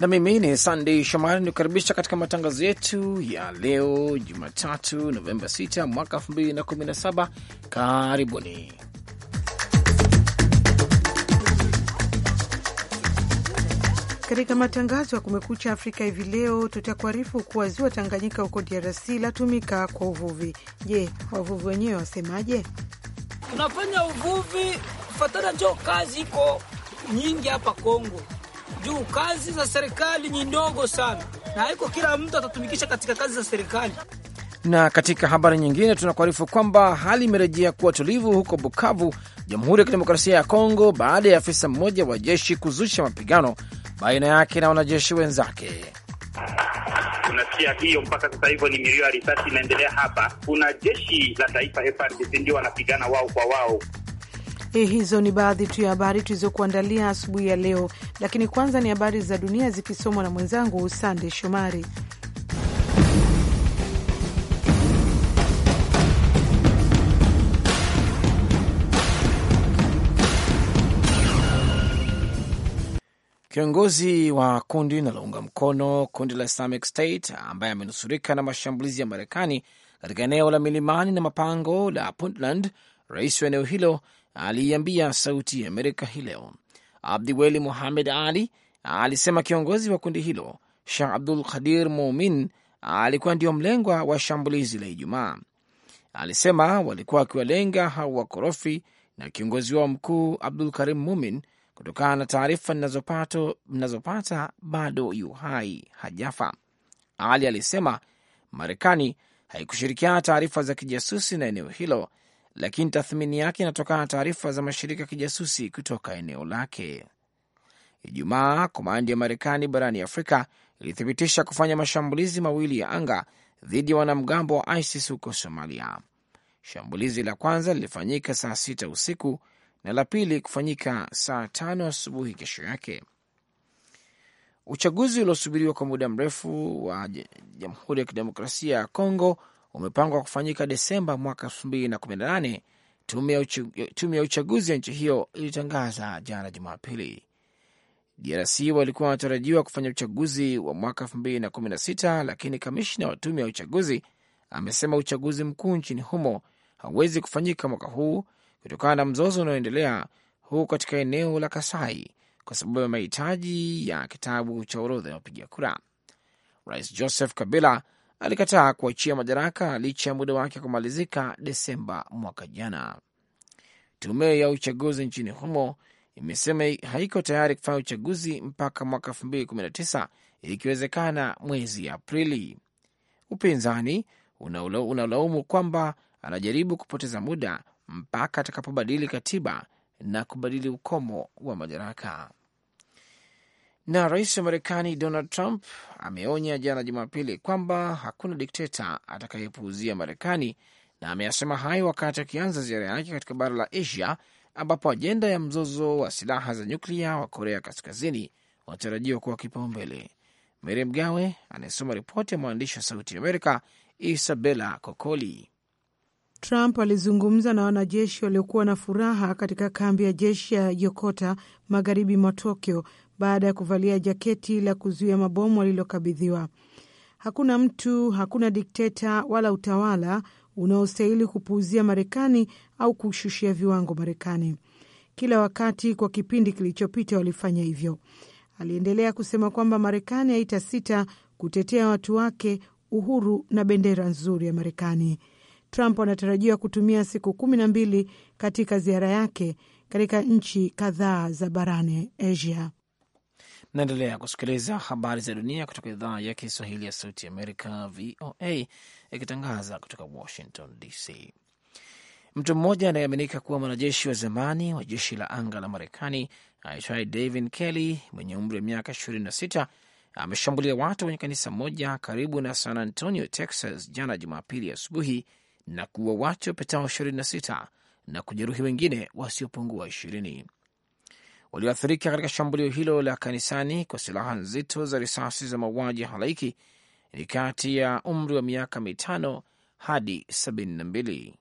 na mimi ni Sandey Shomari nikukaribisha katika matangazo yetu ya leo Jumatatu, Novemba 6 mwaka 2017. Karibuni katika matangazo ya Kumekucha Afrika. Hivi leo tutakuarifu kuwa ziwa Tanganyika huko DRC latumika kwa uvuvi. Je, wavuvi wenyewe wasemaje? Tunafanya uvuvi fatana njo kazi iko nyingi hapa Kongo juu kazi za serikali ni ndogo sana na haiko kila mtu atatumikisha katika kazi za serikali. Na katika habari nyingine, tunakuarifu kwamba hali imerejea kuwa tulivu huko Bukavu, Jamhuri ya Kidemokrasia ya Kongo, baada ya afisa mmoja wa jeshi kuzusha mapigano baina yake na wanajeshi wenzake. Tunasikia hiyo mpaka sasa hivyo, ni milio ya risasi inaendelea hapa. Kuna jeshi la taifa FARDC ndio wanapigana wao kwa wao. Eh, hizo ni baadhi tu ya habari tulizokuandalia asubuhi ya leo, lakini kwanza ni habari za dunia zikisomwa na mwenzangu Sande Shomari. Kiongozi wa kundi linalounga mkono kundi la Islamic State ambaye amenusurika na mashambulizi ya Marekani katika eneo la milimani na mapango la Puntland, rais wa eneo hilo aliiambia Sauti ya Amerika hii leo. Abdiweli Muhamed Ali alisema kiongozi wa kundi hilo Shah Abdul Qadir Mumin alikuwa ndio mlengwa wa shambulizi la Ijumaa. Alisema walikuwa wakiwalenga hao wakorofi na kiongozi wao mkuu Abdul Karim Mumin, kutokana na taarifa mnazopata bado yu hai, hajafa. Ali alisema Marekani haikushirikiana taarifa za kijasusi na eneo hilo lakini tathmini yake inatokana na taarifa za mashirika ya kijasusi kutoka eneo lake. Ijumaa, komandi ya Marekani barani Afrika ilithibitisha kufanya mashambulizi mawili ya anga dhidi ya wanamgambo wa ISIS huko Somalia. Shambulizi la kwanza lilifanyika saa sita usiku na la pili kufanyika saa tano asubuhi kesho yake. Uchaguzi uliosubiriwa kwa muda mrefu wa Jamhuri ya Kidemokrasia ya Kongo umepangwa kufanyika Desemba mwaka 2018. Tume ya uchaguzi ya nchi hiyo ilitangaza jana Jumapili. DRC walikuwa wanatarajiwa kufanya uchaguzi wa mwaka 2016, lakini kamishna wa tume ya uchaguzi amesema uchaguzi mkuu nchini humo hauwezi kufanyika mwaka huu kutokana na mzozo unaoendelea huu katika eneo la Kasai kwa sababu ya mahitaji ya kitabu cha orodha ya wapiga kura. Rais Joseph Kabila alikataa kuachia madaraka licha ya muda wake kumalizika Desemba mwaka jana. Tume ya uchaguzi nchini humo imesema haiko tayari kufanya uchaguzi mpaka mwaka 2019 ikiwezekana mwezi Aprili. Upinzani unalaumu kwamba anajaribu kupoteza muda mpaka atakapobadili katiba na kubadili ukomo wa madaraka. Na rais wa Marekani Donald Trump ameonya jana Jumapili kwamba hakuna dikteta atakayepuuzia Marekani, na ameyasema hayo wakati akianza ziara yake katika bara la Asia, ambapo ajenda ya mzozo wa silaha za nyuklia wa Korea Kaskazini wanatarajiwa kuwa kipaumbele. Mary Mgawe anayesoma ripoti ya mwandishi wa Sauti Amerika Isabella Kokoli. Trump alizungumza na wanajeshi waliokuwa na furaha katika kambi ya jeshi ya Yokota magharibi mwa Tokyo baada ya kuvalia jaketi la kuzuia mabomu alilokabidhiwa. Hakuna mtu, hakuna dikteta wala utawala unaostahili kupuuzia Marekani au kushushia viwango Marekani. Kila wakati kwa kipindi kilichopita walifanya hivyo. Aliendelea kusema kwamba Marekani haitasita kutetea watu wake, uhuru na bendera nzuri ya Marekani. Trump anatarajiwa kutumia siku kumi na mbili katika ziara yake katika nchi kadhaa za barani Asia. Naendelea kusikiliza habari za dunia kutoka idhaa ya Kiswahili ya Sauti Amerika, VOA, ikitangaza kutoka Washington DC. Mtu mmoja anayeaminika kuwa mwanajeshi wa zamani wa jeshi la anga la Marekani aitwaye David Kelly mwenye umri wa miaka 26 ameshambulia watu kwenye kanisa moja karibu na San Antonio, Texas, jana Jumapili asubuhi na kuua watu wapatao 26 na kujeruhi wengine wasiopungua wa ishirini walioathirika katika shambulio hilo la kanisani kwa silaha nzito za risasi za mauaji halaiki ni kati ya umri wa miaka mitano hadi sabini na mbili.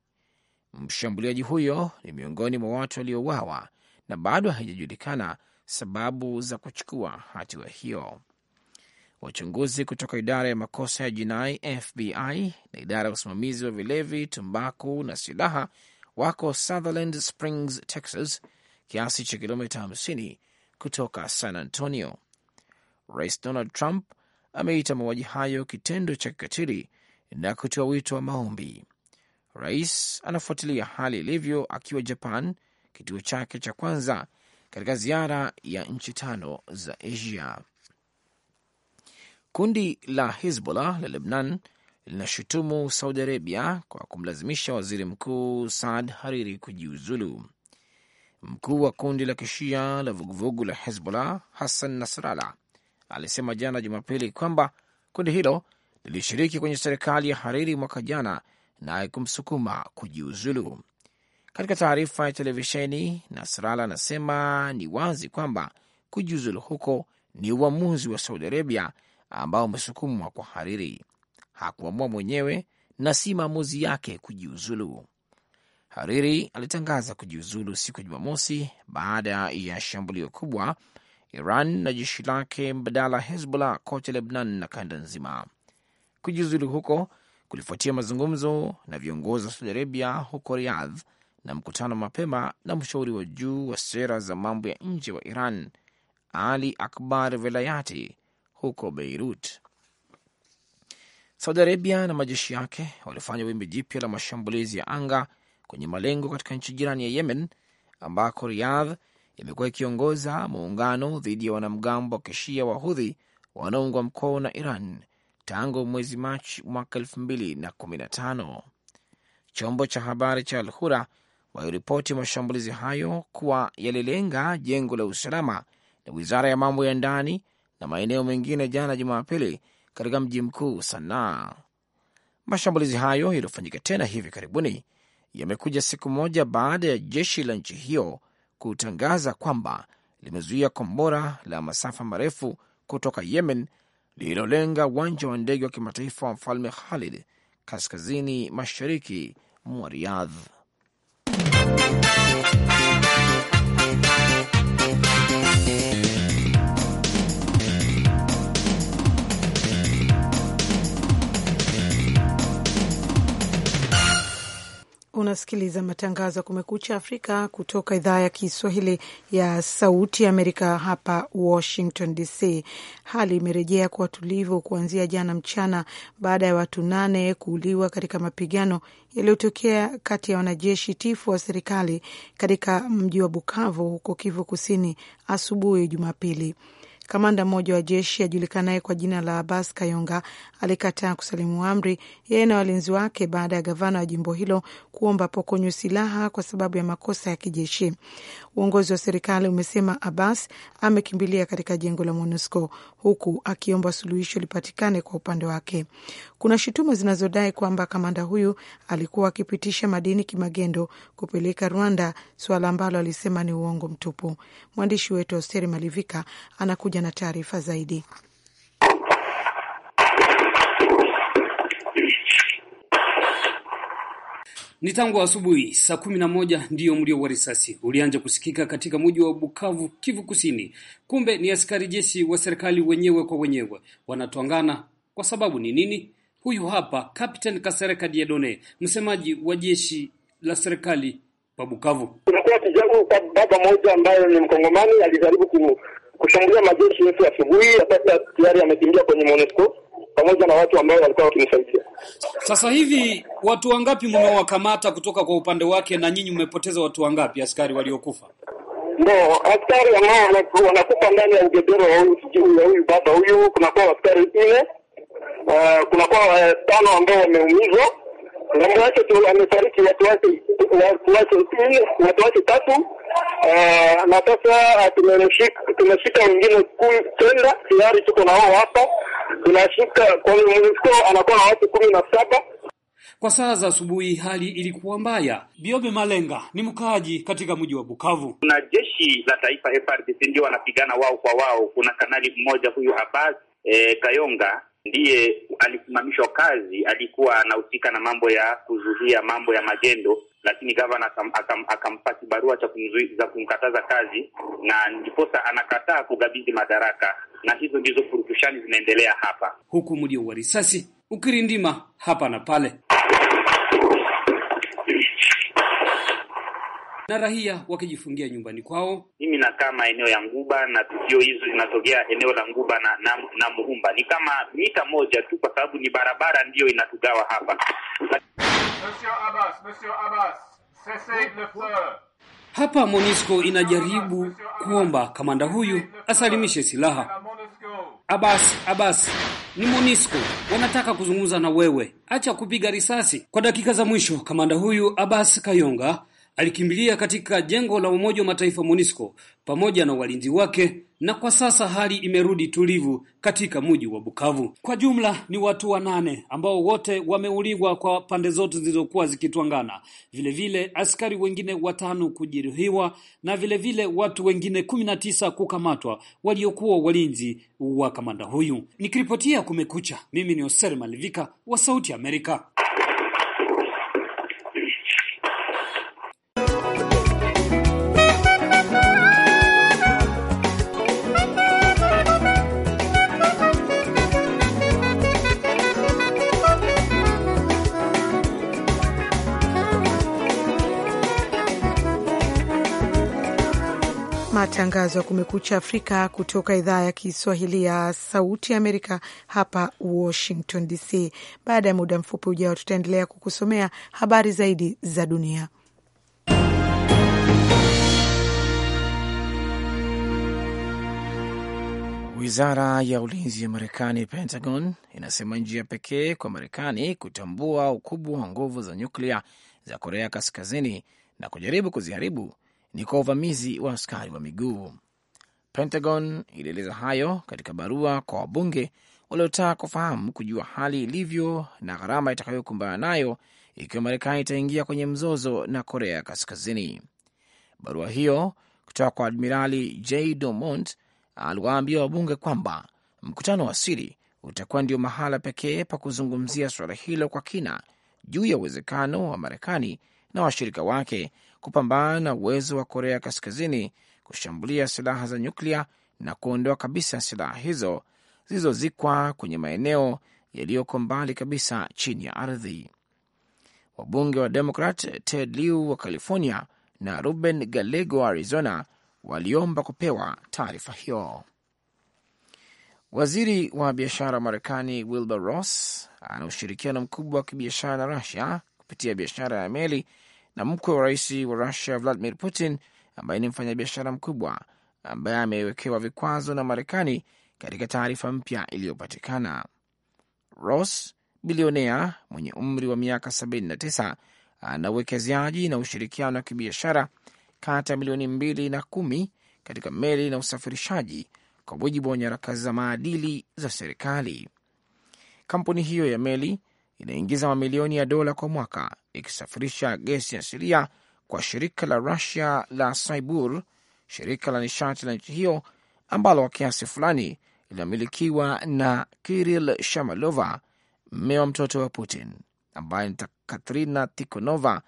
Mshambuliaji huyo ni miongoni mwa watu waliouawa na bado haijajulikana sababu za kuchukua hatua hiyo. Wachunguzi kutoka idara ya makosa ya jinai FBI na idara ya usimamizi wa vilevi, tumbaku na silaha wako Sutherland Springs, Texas kiasi cha kilomita 50 kutoka San Antonio. Rais Donald Trump ameita mauaji hayo kitendo cha kikatili na kutoa wito wa maombi. Rais anafuatilia hali ilivyo akiwa Japan, kituo chake cha kwanza katika ziara ya nchi tano za Asia. Kundi la Hizbollah la Lebnan linashutumu Saudi Arabia kwa kumlazimisha waziri mkuu Saad Hariri kujiuzulu. Mkuu wa kundi la kishia la vuguvugu la Hezbollah Hassan nasrala alisema jana Jumapili kwamba kundi hilo lilishiriki kwenye serikali ya Hariri mwaka jana na kumsukuma kujiuzulu. Katika taarifa ya televisheni, nasrala anasema ni wazi kwamba kujiuzulu huko ni uamuzi wa Saudi Arabia ambao umesukumwa kwa Hariri. Hakuamua mwenyewe na si maamuzi yake kujiuzulu. Hariri alitangaza kujiuzulu siku ya Jumamosi baada ya shambulio kubwa Iran na jeshi lake mbadala Hezbollah kote Lebnan na kanda nzima. Kujiuzulu huko kulifuatia mazungumzo na viongozi wa Saudi Arabia huko Riyadh na mkutano mapema na mshauri wa juu wa sera za mambo ya nje wa Iran Ali Akbar Velayati huko Beirut. Saudi Arabia na majeshi yake walifanya wimbi jipya la mashambulizi ya anga kwenye malengo katika nchi jirani ya Yemen ambako Riyadh imekuwa ikiongoza muungano dhidi ya wanamgambo wa kishia wahudhi wanaoungwa mkono na Iran tangu mwezi Machi mwaka elfu mbili na kumi na tano. Chombo cha habari cha alhura wairipoti waliripoti mashambulizi hayo kuwa yalilenga jengo la usalama na wizara ya mambo ya ndani na maeneo mengine jana Jumapili katika mji mkuu Sanaa. Mashambulizi hayo yaliyofanyika tena hivi karibuni yamekuja siku moja baada ya jeshi la nchi hiyo kutangaza kwamba limezuia kombora la masafa marefu kutoka Yemen lililolenga uwanja wa ndege wa kimataifa wa Mfalme Khalid kaskazini mashariki mwa Riyadh. unasikiliza matangazo ya Kumekucha Afrika kutoka idhaa ya Kiswahili ya Sauti Amerika hapa Washington DC. Hali imerejea kuwa tulivu kuanzia jana mchana baada ya watu nane kuuliwa katika mapigano yaliyotokea kati ya wanajeshi tifu wa serikali katika mji wa Bukavu huko Kivu Kusini asubuhi Jumapili. Kamanda mmoja wa jeshi ajulikanaye kwa jina la Abbas Kayonga alikataa kusalimu amri yeye na walinzi wake baada ya gavana wa jimbo hilo kuomba pokonywa silaha kwa sababu ya makosa ya kijeshi. Uongozi wa serikali umesema Abbas amekimbilia katika jengo la MONUSCO huku akiomba suluhisho lipatikane kwa upande wake. Kuna shutuma zinazodai kwamba kamanda huyu alikuwa akipitisha madini kimagendo kupeleka Rwanda, suala ambalo alisema ni uongo mtupu. Mwandishi wetu Austeri Malivika anakuja pamoja na taarifa zaidi. Ni tangu asubuhi saa kumi na moja ndiyo mlio wa risasi ulianza kusikika katika mji wa Bukavu, Kivu Kusini. Kumbe ni askari jeshi wa serikali wenyewe kwa wenyewe wanatwangana. Kwa sababu ni nini? Huyu hapa Captain Kasereka Diedone, msemaji wa jeshi la serikali pa Bukavu. Kunakuwa kijana baba moja ambaye ni mkongomani alijaribu kushambulia majeshi yetu asubuhi, hata tayari amekimbia kwenye MONUSCO pamoja na watu ambao walikuwa wakimsaidia. Sasa hivi watu wangapi mmewakamata kutoka kwa upande wake, na nyinyi mmepoteza watu wangapi, askari waliokufa? No, askari ambao wanakufa ndani ya ugedero wa huyu baba huyu, kunakuwa askari nne, uh, kunakuwa uh, tano ambao wameumizwa ngambo yake, amefariki watu wake watu wake tatu Eh, na sasa eh, tumeshika wengine kumi tenda tayari, tuko na wao hapa. Tunashika kwa MONUSCO anakuwa na watu kumi na saba. Kwa saa za asubuhi hali ilikuwa mbaya. Biobe Malenga ni mkaaji katika mji wa Bukavu. Kuna jeshi la taifa FRDC ndio wanapigana wao kwa wao. Kuna kanali mmoja huyu Abbas e, Kayonga ndiye alisimamishwa kazi, alikuwa anahusika na mambo ya kuzuia mambo ya magendo lakini gavana akam, akampati barua cha kumkataza kazi, na ndiposa anakataa kugabidhi madaraka, na hizo ndizo purukushani zinaendelea hapa, huku mlio wa risasi ukirindima hapa na pale. na raia wakijifungia nyumbani kwao. Mimi nakaa maeneo ya Nguba na tukio hizo zinatokea eneo la Nguba na, na, na Muhumba ni kama mita moja tu, kwa sababu ni barabara ndiyo inatugawa hapa. Monsieur Abbas, Monsieur Abbas, cessez le feu. Hapa monisco inajaribu kuomba kamanda huyu asalimishe silaha. Abbas, Abbas, ni monisco wanataka kuzungumza na wewe, acha kupiga risasi. Kwa dakika za mwisho, kamanda huyu Abbas Kayonga Alikimbilia katika jengo la Umoja wa Mataifa MONUSCO pamoja na walinzi wake na kwa sasa hali imerudi tulivu katika mji wa Bukavu. Kwa jumla ni watu wanane ambao wote wameuliwa kwa pande zote zilizokuwa zikitwangana, vilevile askari wengine watano kujeruhiwa na vilevile vile watu wengine kumi na tisa kukamatwa waliokuwa walinzi wa kamanda huyu. Nikiripotia Kumekucha, mimi ni Oser Malivika wa Sauti Amerika. matangazo ya Kumekucha Afrika kutoka idhaa ya Kiswahili ya Sauti Amerika hapa Washington DC. Baada ya muda mfupi ujao, tutaendelea kukusomea habari zaidi za dunia. Wizara ya ulinzi ya Marekani, Pentagon, inasema njia pekee kwa Marekani kutambua ukubwa wa nguvu za nyuklia za Korea Kaskazini na kujaribu kuziharibu ni kwa uvamizi wa askari wa miguu. Pentagon ilieleza hayo katika barua kwa wabunge waliotaka kufahamu kujua hali ilivyo na gharama itakayokumbana nayo ikiwa Marekani itaingia kwenye mzozo na Korea Kaskazini. Barua hiyo kutoka kwa Admirali J Domont aliwaambia wabunge kwamba mkutano wa siri utakuwa ndio mahala pekee pa kuzungumzia suala hilo kwa kina juu ya uwezekano wa Marekani na washirika wake kupambana na uwezo wa Korea Kaskazini kushambulia silaha za nyuklia na kuondoa kabisa silaha hizo zilizozikwa kwenye maeneo yaliyoko mbali kabisa chini ya ardhi. Wabunge wa Demokrat Ted Liu wa California na Ruben Gallego wa Arizona waliomba kupewa taarifa hiyo. Waziri wa biashara wa Marekani Wilbur Ross ana ushirikiano mkubwa wa kibiashara na Rusia kupitia biashara ya meli na mkwe wa rais wa Rusia Vladimir Putin, ambaye ni mfanyabiashara mkubwa ambaye amewekewa vikwazo na Marekani. Katika taarifa mpya iliyopatikana, Ross bilionea mwenye umri wa miaka 79 ana uwekezaji na ushirikiano wa kibiashara kata milioni mbili na kumi katika meli na usafirishaji, kwa mujibu wa nyaraka za maadili za serikali. Kampuni hiyo ya meli inaingiza mamilioni ya dola kwa mwaka ikisafirisha gesi ya asilia kwa shirika la Rusia la Saibur, shirika la nishati la nchi hiyo ambalo kwa kiasi fulani linamilikiwa na Kiril Shamalova, mme wa mtoto wa Putin, ambaye ni Katrina tikonova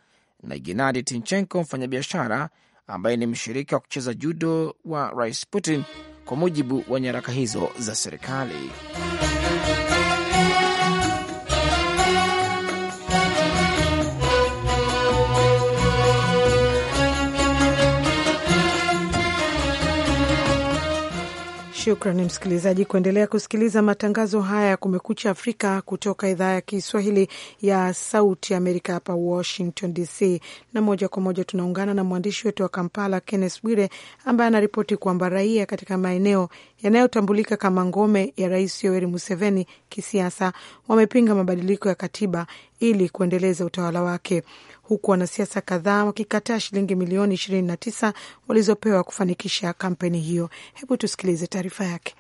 na Genadi Tinchenko, mfanyabiashara ambaye ni mshirika wa kucheza judo wa Rais Putin, kwa mujibu wa nyaraka hizo za serikali. Shukrani msikilizaji kuendelea kusikiliza matangazo haya ya Kumekucha Afrika kutoka idhaa ya Kiswahili ya Sauti Amerika hapa Washington DC, na moja kwa moja tunaungana na mwandishi wetu wa Kampala Kenneth Bwire ambaye anaripoti kwamba raia katika maeneo yanayotambulika kama ngome ya Rais Yoweri Museveni kisiasa wamepinga mabadiliko ya katiba ili kuendeleza utawala wake huku wanasiasa kadhaa wakikataa shilingi milioni 29 walizopewa kufanikisha kampeni hiyo. Hebu tusikilize taarifa yake.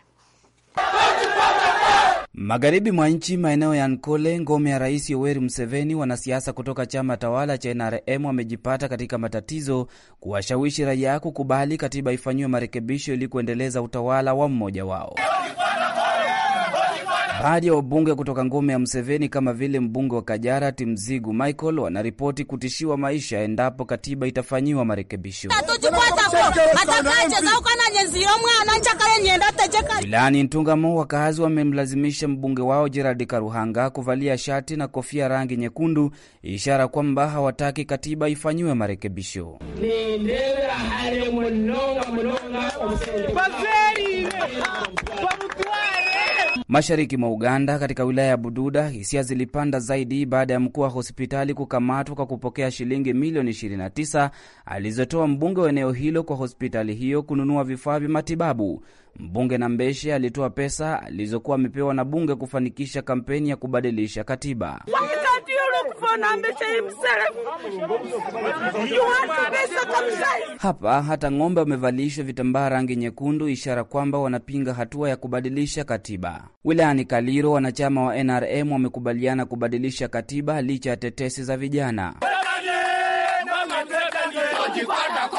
Magharibi mwa nchi, maeneo ya Nkole, ngome ya Rais Yoweri Museveni, wanasiasa kutoka chama tawala cha NRM wamejipata katika matatizo kuwashawishi raia kukubali katiba ifanyiwe marekebisho ili kuendeleza utawala wa mmoja wao. Baadhi ya wabunge kutoka ngome ya Mseveni kama vile mbunge wa kajara timzigu Michael wanaripoti kutishiwa maisha endapo katiba itafanyiwa marekebisho. Wilayani Ntungamo, wakazi wamemlazimisha mbunge wao Gerald Karuhanga kuvalia shati na kofia rangi nyekundu, ishara kwamba hawataki katiba ifanyiwe marekebisho. Mashariki mwa Uganda, katika wilaya ya Bududa, hisia zilipanda zaidi baada ya mkuu wa hospitali kukamatwa kwa kupokea shilingi milioni 29 alizotoa mbunge wa eneo hilo kwa hospitali hiyo kununua vifaa vya matibabu. Mbunge Nambeshe alitoa pesa alizokuwa amepewa na bunge kufanikisha kampeni ya kubadilisha katiba. Hapa hata ng'ombe wamevalishwa vitambaa rangi nyekundu, ishara kwamba wanapinga hatua ya kubadilisha katiba. Wilayani Kaliro, wanachama wa NRM wamekubaliana kubadilisha katiba licha ya tetesi za vijana.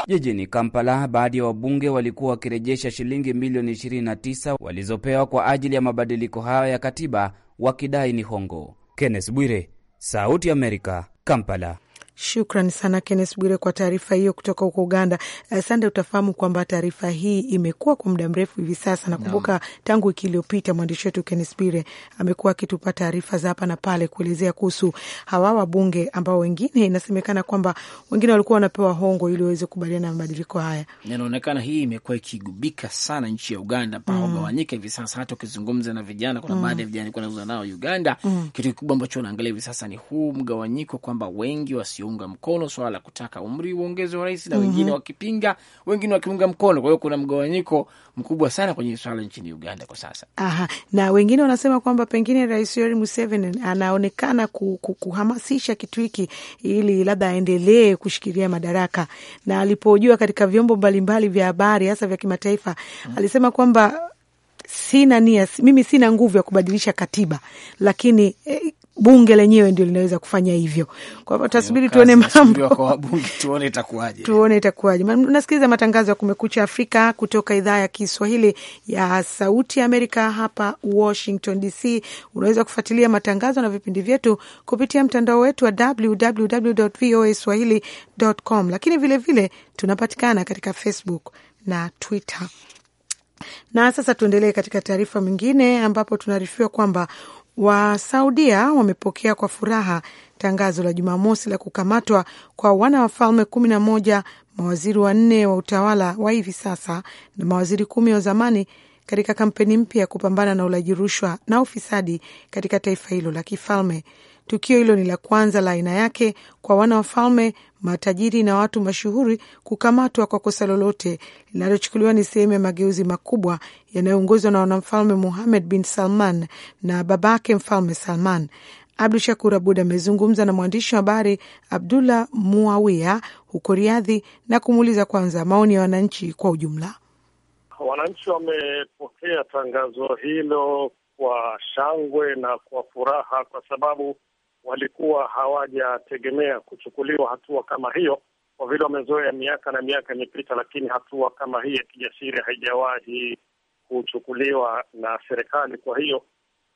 Jijini Kampala, baadhi ya wabunge walikuwa wakirejesha shilingi milioni 29 walizopewa kwa ajili ya mabadiliko hayo ya katiba, wakidai ni hongo. Kenneth Bwire, Sauti Amerika, Kampala. Shukran sana Kennes Bwire kwa taarifa hiyo kutoka huko Uganda. Uh, Sande, utafahamu kwamba taarifa hii imekuwa kwa muda mrefu hivi sasa. Nakumbuka tangu wiki iliyopita mwandishi wetu Kennes Bwire amekuwa akitupa taarifa za hapa na pale kuelezea kuhusu hawa wabunge ambao wengine inasemekana kwamba wengine walikuwa wanapewa hongo ili waweze kukubaliana na mabadiliko haya. Inaonekana hii imekuwa ikigubika sana nchi ya Uganda pagawanyika mm. hivi sasa. Hata ukizungumza na vijana, kuna mm. baadhi ya vijana nilikuwa nazungumza nao Uganda, mm. kitu kikubwa ambacho wanaangalia hivi sasa ni huu mgawanyiko kwamba wengi wasi wakiunga mkono swala la kutaka umri uongeze wa rais na mhm. wengine mm -hmm. wakipinga, wengine wakiunga mkono. Kwa hiyo kuna mgawanyiko mkubwa sana kwenye swala nchini Uganda kwa sasa. Aha, na wengine wanasema kwamba pengine Rais Yoweri Museveni anaonekana kuhamasisha kitu hiki ili labda aendelee kushikilia madaraka, na alipojua katika vyombo mbalimbali vya habari hasa vya kimataifa mm -hmm. alisema kwamba sina nia, mimi sina nguvu ya kubadilisha katiba, lakini eh, bunge lenyewe ndio linaweza kufanya hivyo. Kwa hivyo tasubiri tuone mambo, tuone itakuwaje, tuone itakuwaje. Nasikiliza matangazo ya Kumekucha Afrika kutoka idhaa ya Kiswahili ya Sauti ya Amerika hapa Washington DC. Unaweza kufuatilia matangazo na vipindi vyetu kupitia mtandao wetu wa www.voaswahili.com, lakini vilevile vile, tunapatikana katika Facebook na Twitter. Na sasa tuendelee katika taarifa mingine ambapo tunaarifiwa kwamba Wasaudia wamepokea kwa furaha tangazo la Jumamosi la kukamatwa kwa wana wafalme kumi na moja, mawaziri wanne wa utawala wa hivi sasa na mawaziri kumi wa zamani katika kampeni mpya ya kupambana na ulaji rushwa na ufisadi katika taifa hilo la kifalme. Tukio hilo ni la kwanza la aina yake kwa wanawafalme, matajiri na watu mashuhuri kukamatwa kwa kosa lolote linalochukuliwa ni sehemu ya mageuzi makubwa yanayoongozwa na wanamfalme Muhamed bin Salman na babake Mfalme Salman. Abdu Shakur Abud amezungumza na mwandishi wa habari Abdullah Muawia huko Riadhi na kumuuliza kwanza maoni ya wananchi kwa ujumla. Wananchi wamepokea tangazo hilo kwa shangwe na kwa furaha, kwa sababu walikuwa hawajategemea kuchukuliwa hatua kama hiyo, kwa vile wamezoea miaka na miaka imepita, lakini hatua kama hii ya kijasiri haijawahi kuchukuliwa na serikali. Kwa hiyo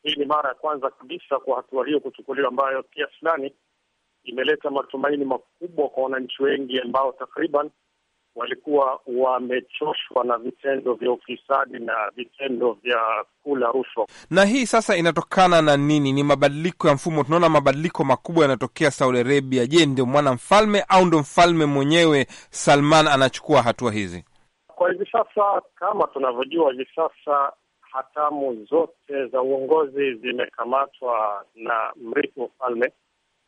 hii ni mara ya kwanza kabisa kwa hatua hiyo kuchukuliwa, ambayo kiasi fulani imeleta matumaini makubwa kwa wananchi wengi ambao takriban walikuwa wamechoshwa na vitendo vya ufisadi na vitendo vya kula rushwa. Na hii sasa inatokana na nini? Ni mabadiliko ya mfumo. Tunaona mabadiliko makubwa yanatokea Saudi Arabia. Je, ndio mwana mfalme au ndio mfalme mwenyewe Salman anachukua hatua hizi? Kwa hivi sasa, kama tunavyojua, hivi sasa hatamu zote za uongozi zimekamatwa na mrithi wa ufalme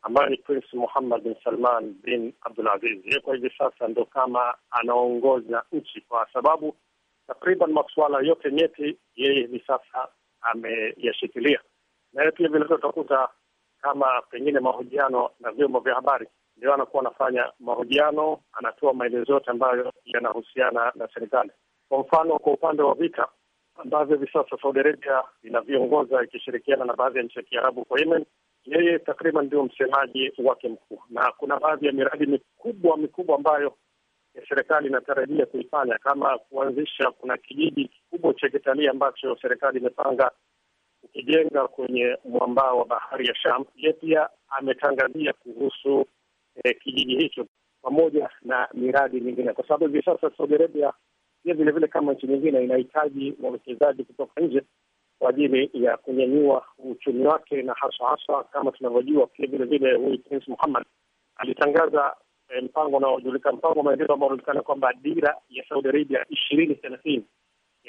ambayo ni Prince Muhammad bin Salman bin Abdul Aziz. Yeye kwa hivi sasa ndo kama anaongoza nchi kwa sababu takriban masuala yote nyeti yeye hivi sasa ameyashikilia, na yeye pia vilevile utakuta kama pengine mahojiano na vyombo vya habari ndio anakuwa anafanya mahojiano, anatoa maelezo yote ambayo yanahusiana na serikali. Kwa mfano, kwa upande wa vita ambavyo hivi sasa Saudi Arabia inaviongoza ikishirikiana na baadhi ya nchi ya Kiarabu kwa Yemen, yeye takriban ndio msemaji wake mkuu, na kuna baadhi ya miradi mikubwa mikubwa ambayo serikali inatarajia kuifanya kama kuanzisha, kuna kijiji kikubwa cha kitalii ambacho serikali imepanga kukijenga kwenye mwambao wa bahari ya Sham. Yeye pia ametangazia kuhusu eh, kijiji hicho pamoja na miradi mingine, kwa sababu hivi sasa Saudi Arabia pia vilevile kama nchi nyingine inahitaji wawekezaji kutoka nje kwa ajili ya kunyanyua uchumi wake, na haswa haswa kama tunavyojua pia vile vile huyu Prince Muhammad alitangaza eh, mpango unaojulikana, mpango wa maendeleo ambao unajulikana kwamba dira ya Saudi Arabia ishirini thelathini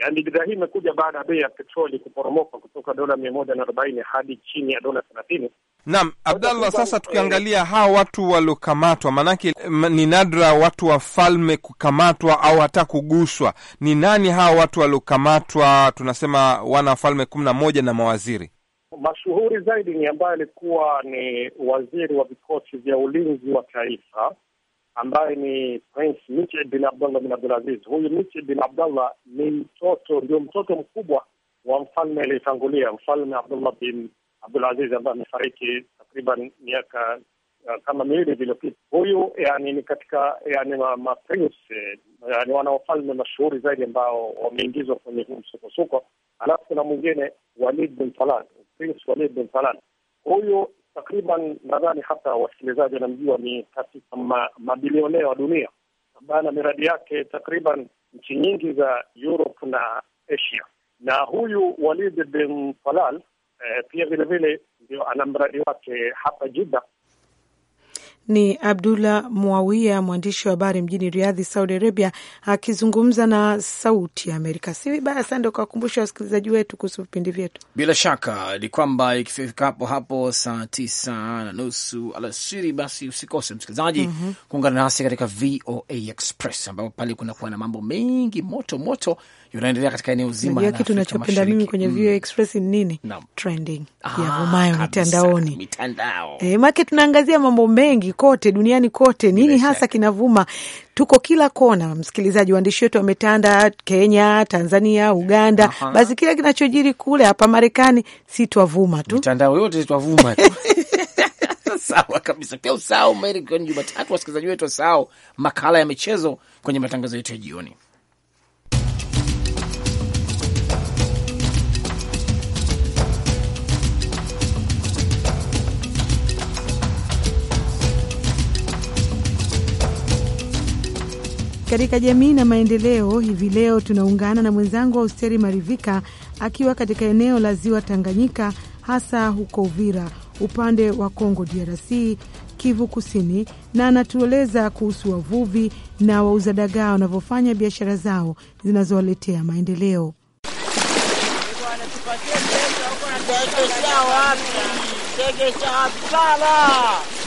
Yani eh, bidhaa hii imekuja baada ya bei ya petroli kuporomoka kutoka dola mia moja na arobaini hadi chini ya dola thelathini. Naam, Abdallah, sasa tukiangalia hawa watu waliokamatwa, maanake ni nadra watu wafalme kukamatwa au hata kuguswa. Ni nani hawa watu waliokamatwa? Tunasema wana wafalme kumi na moja na mawaziri mashuhuri zaidi ni ambaye alikuwa ni waziri wa vikosi vya ulinzi wa taifa ambaye ni Prince Miche bin Abdullah bin Abdulaziz. Huyu Miche bin Abdallah ni mtoto, ndio mtoto mkubwa wa mfalme aliyetangulia, mfalme Abdullah bin Abdulaziz ambaye amefariki takriban miaka uh, kama miwili iliyopita. Huyu yani ni katika yani maprince ma eh, yani wana wafalme mashuhuri zaidi ambao wameingizwa kwenye huu msukosuko. Alafu kuna mwingine Walid bin Talal, Prince Walid bin Talal. Huyu takriban nadhani hata wasikilizaji wanamjua, ni katika mabilionea wa dunia ambaye ana miradi yake takriban nchi nyingi za Europe na Asia. Na huyu Walid bin Falal eh, pia vilevile ndio ana mradi wake hapa Jida ni Abdullah Muawia, mwandishi wa habari mjini Riadhi, Saudi Arabia, akizungumza na Sauti ya Amerika. Si vibaya sana ndo kawakumbusha wasikilizaji wetu kuhusu vipindi vyetu. Bila shaka ni kwamba ikifika hapo saa tisa na nusu alasiri, basi usikose msikilizaji, mm -hmm. kuungana nasi katika VOA Express ambapo pale kunakuwa na mambo mengi moto moto yanaendelea katika eneo zima. Najua kitu nachopenda mimi kwenye mm. VOA Express ni nini? Trending ah, yavumayo mitandaoni, mitandao e, eh, make tunaangazia mambo mengi Msikilizaji kote duniani kote, nini hasa kinavuma? Tuko kila kona, msikilizaji. Waandishi wetu wametanda Kenya, Tanzania, Uganda. Aha. Basi kila kinachojiri kule, hapa Marekani si twavuma tu, mitandao yote twavuma tu. Sawa kabisa. Pia usahau Jumatatu, wasikilizaji wetu wasahau makala ya michezo kwenye matangazo yetu ya jioni. Katika jamii na maendeleo, hivi leo tunaungana na mwenzangu wa Marivika akiwa katika eneo la ziwa Tanganyika, hasa huko Uvira upande wa Congo DRC, Kivu Kusini, na anatueleza kuhusu wavuvi na wauza dagaa wanavyofanya biashara zao zinazowaletea maendeleo. Tege sha wapi? Tege Sala.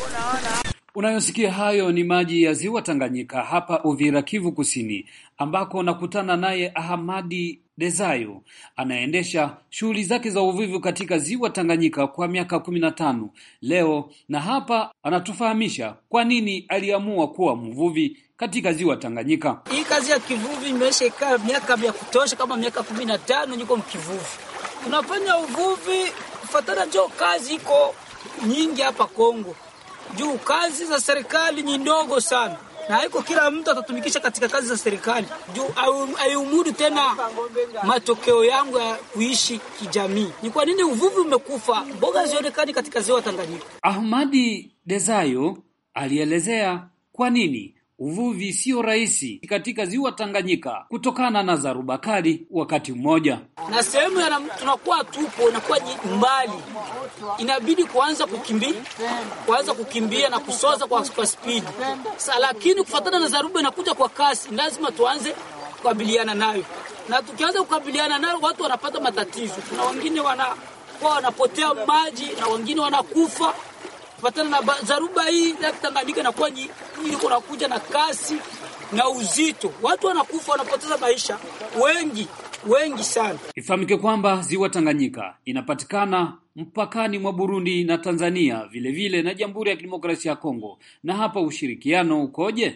Unaona Unayosikia hayo ni maji ya ziwa Tanganyika hapa Uvira, Kivu Kusini, ambako nakutana naye Ahamadi Dezayo anaendesha shughuli zake za uvuvi katika ziwa Tanganyika kwa miaka kumi na tano leo, na hapa anatufahamisha kwa nini aliamua kuwa mvuvi katika ziwa Tanganyika. Hii kazi ya kivuvi imeisha ikaa miaka vya kutosha, kama miaka kumi na tano niko mkivuvi, unafanya uvuvi fatana, njo kazi iko nyingi hapa Kongo juu kazi za serikali ni ndogo sana na haiko kila mtu atatumikisha katika kazi za serikali juu aiumudu tena matokeo yangu ya kuishi kijamii. Ni kwa nini uvuvi umekufa, mboga hazionekani katika ziwa Tanganyika? Ahmadi Dezayo alielezea kwa nini uvuvi sio rahisi katika ziwa Tanganyika kutokana na dharuba kali wakati mmoja, na sehemu tunakuwa tupo inakuwa mbali, inabidi kuanza kukimbia, kuanza kukimbia na kusoza kwa, kwa spidi, lakini kufatana na dharuba inakuja kwa kasi, lazima tuanze kukabiliana nayo, na tukianza kukabiliana nayo watu wanapata matatizo. Kuna wengine wanakuwa wanapotea maji na wengine wanakufa kufatana na dharuba hii na Tanganyika inakuwa iko nakuja na kasi na uzito, watu wanakufa wanapoteza maisha wengi wengi sana. Ifahamike kwamba ziwa Tanganyika inapatikana mpakani mwa Burundi na Tanzania vilevile vile, na Jamhuri ya Kidemokrasia ya Kongo. Na hapa ushirikiano ukoje?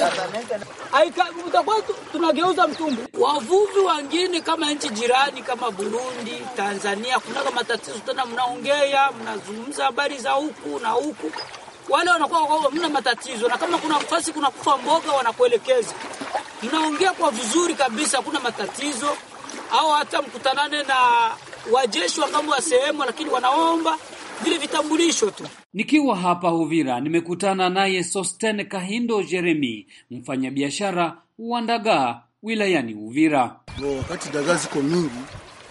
tunageuza mtumbu. Wavuvi wengine kama nchi jirani kama Burundi, Tanzania, kunaka matatizo tena, mnaongea mnazungumza habari za huku na huku wale wanakuwa mna matatizo, na kama kuna fasi kuna kufa mboga, wanakuelekeza mnaongea kwa vizuri kabisa, kuna matatizo au hata mkutanane na wajeshi wa kambi wa sehemu, lakini wanaomba vile vitambulisho tu. Nikiwa hapa Uvira nimekutana naye Sosten Kahindo Jeremi, mfanyabiashara wa ndagaa wilayani Uvira. Wakati dagaa ziko mingi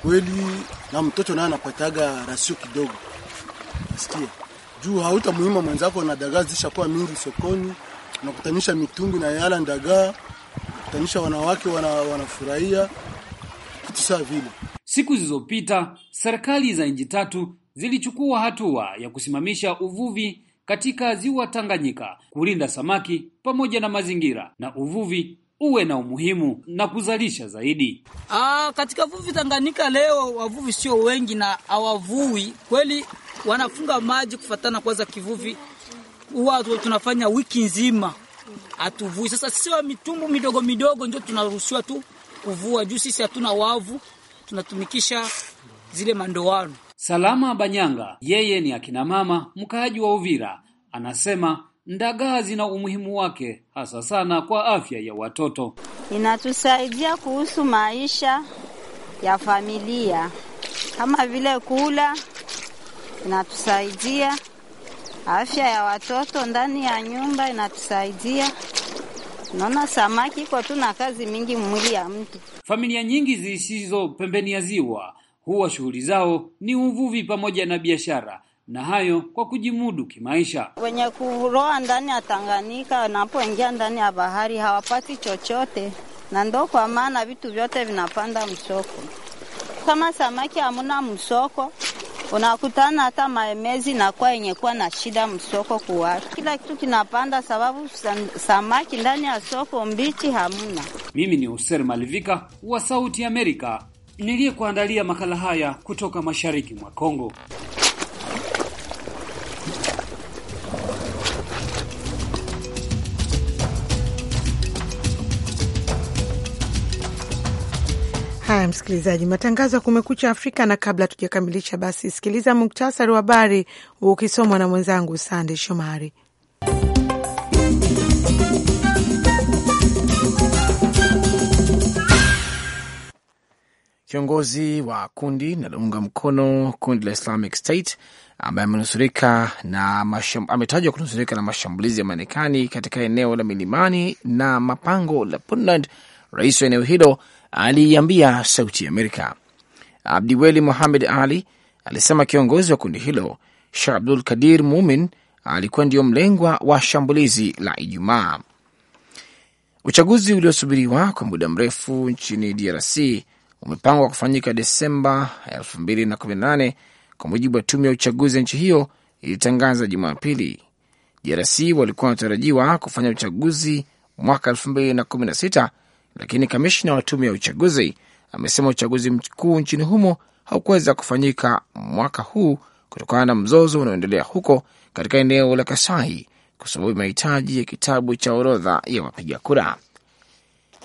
kweli, na mtoto naye anapataga rasio kidogo, nasikia juu hauta muhimu mwenzako na dagaa zishakuwa mingi sokoni, unakutanisha mitungi na yala ndagaa, kutanisha wanawake wanafurahia wana saa vile. Siku zilizopita serikali za nchi tatu zilichukua hatua ya kusimamisha uvuvi katika ziwa Tanganyika, kulinda samaki pamoja na mazingira na uvuvi uwe na umuhimu na kuzalisha zaidi. Aa, ah, katika vuvi Tanganyika leo wavuvi sio wengi na hawavui kweli, wanafunga maji kufatana kwanza kivuvi huwa tunafanya wiki nzima hatuvui. Sasa sisi wa mitumbu midogo midogo ndio tunaruhusiwa tu kuvua juu sisi hatuna wavu, tunatumikisha zile mandoano. Salama Banyanga, yeye ni akina mama mkaaji wa Uvira, anasema ndagaa zina umuhimu wake hasa sana kwa afya ya watoto. Inatusaidia kuhusu maisha ya familia kama vile kula, inatusaidia afya ya watoto ndani ya nyumba, inatusaidia Naona samaki iko tu na kazi mingi mwili ya mtu. Familia nyingi zisizo pembeni ya ziwa huwa shughuli zao ni uvuvi pamoja na biashara, na hayo kwa kujimudu kimaisha. Wenye kuroa ndani ya Tanganyika wanapoingia ndani ya bahari hawapati chochote, na ndo kwa maana vitu vyote vinapanda msoko. Kama samaki hamuna msoko, unakutana hata maemezi nakuwa yenye kuwa na shida msoko kuwatu, kila kitu kinapanda sababu samaki ndani ya soko mbichi hamuna. Mimi ni User Malivika wa Sauti Amerika niliyekuandalia makala haya kutoka mashariki mwa Kongo. Haya, msikilizaji, matangazo ya Kumekucha Afrika, na kabla tujakamilisha, basi sikiliza muktasari wa habari ukisomwa na mwenzangu Sande Shomari. Kiongozi wa kundi linalounga mkono kundi la Islamic State ambaye ametajwa kunusurika na mashambulizi ya Marekani katika eneo la milimani na mapango la Puntland, rais wa eneo hilo aliiambia Sauti ya Amerika. Abdiweli muhamed Ali alisema kiongozi wa kundi hilo shah Abdul Kadir Mumin alikuwa ndio mlengwa wa shambulizi la Ijumaa. Uchaguzi uliosubiriwa kwa muda mrefu nchini DRC umepangwa kufanyika Desemba 2018 kwa mujibu wa tume ya uchaguzi ya nchi hiyo ilitangaza Jumapili. DRC walikuwa wanatarajiwa kufanya uchaguzi mwaka 2016 lakini kamishna wa tume ya uchaguzi amesema uchaguzi mkuu nchini humo haukuweza kufanyika mwaka huu kutokana na mzozo unaoendelea huko katika eneo la Kasai kwa sababu mahitaji ya kitabu cha orodha ya wapiga kura.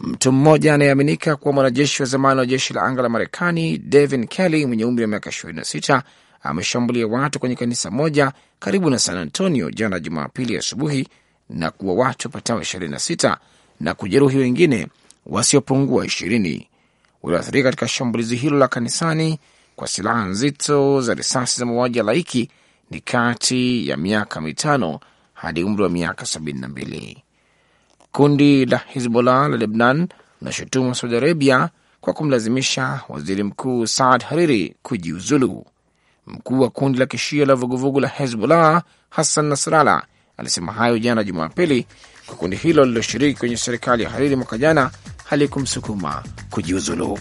Mtu mmoja anayeaminika kuwa mwanajeshi wa zamani wa jeshi la anga la Marekani, Devin Kelly mwenye umri wa miaka 26 ameshambulia watu kwenye kanisa moja karibu na San Antonio jana Jumapili asubuhi na kuwa watu wapatao 26 na kujeruhi wengine wasiopungua ishirini walioathirika katika shambulizi hilo la kanisani kwa silaha nzito za risasi za mauaji ya laiki ni kati ya miaka mitano hadi umri wa miaka sabini na mbili. Kundi la Hizbollah la Lebnan linashutumu Saudi Arabia kwa kumlazimisha waziri mkuu Saad Hariri kujiuzulu. Mkuu wa kundi la kishia la vuguvugu la Hezbollah Hassan Nasrallah alisema hayo jana Jumapili Kundi hilo lililoshiriki kwenye serikali ya hariri mwaka jana halikumsukuma kujiuzulu.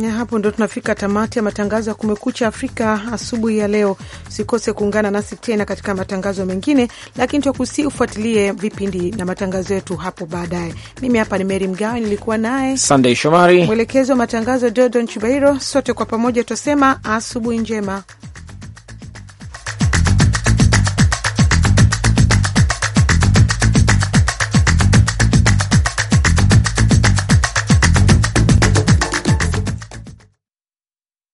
Ya hapo ndo tunafika tamati ya matangazo ya Kumekucha Afrika asubuhi ya leo. Usikose kuungana nasi tena katika matangazo mengine, lakini twakusii ufuatilie vipindi na matangazo yetu hapo baadaye. Mimi hapa ni Meri Mgawe, nilikuwa naye Sandey Shomari, mwelekezi wa matangazo Dodon Chubairo. Sote kwa pamoja twasema asubuhi njema.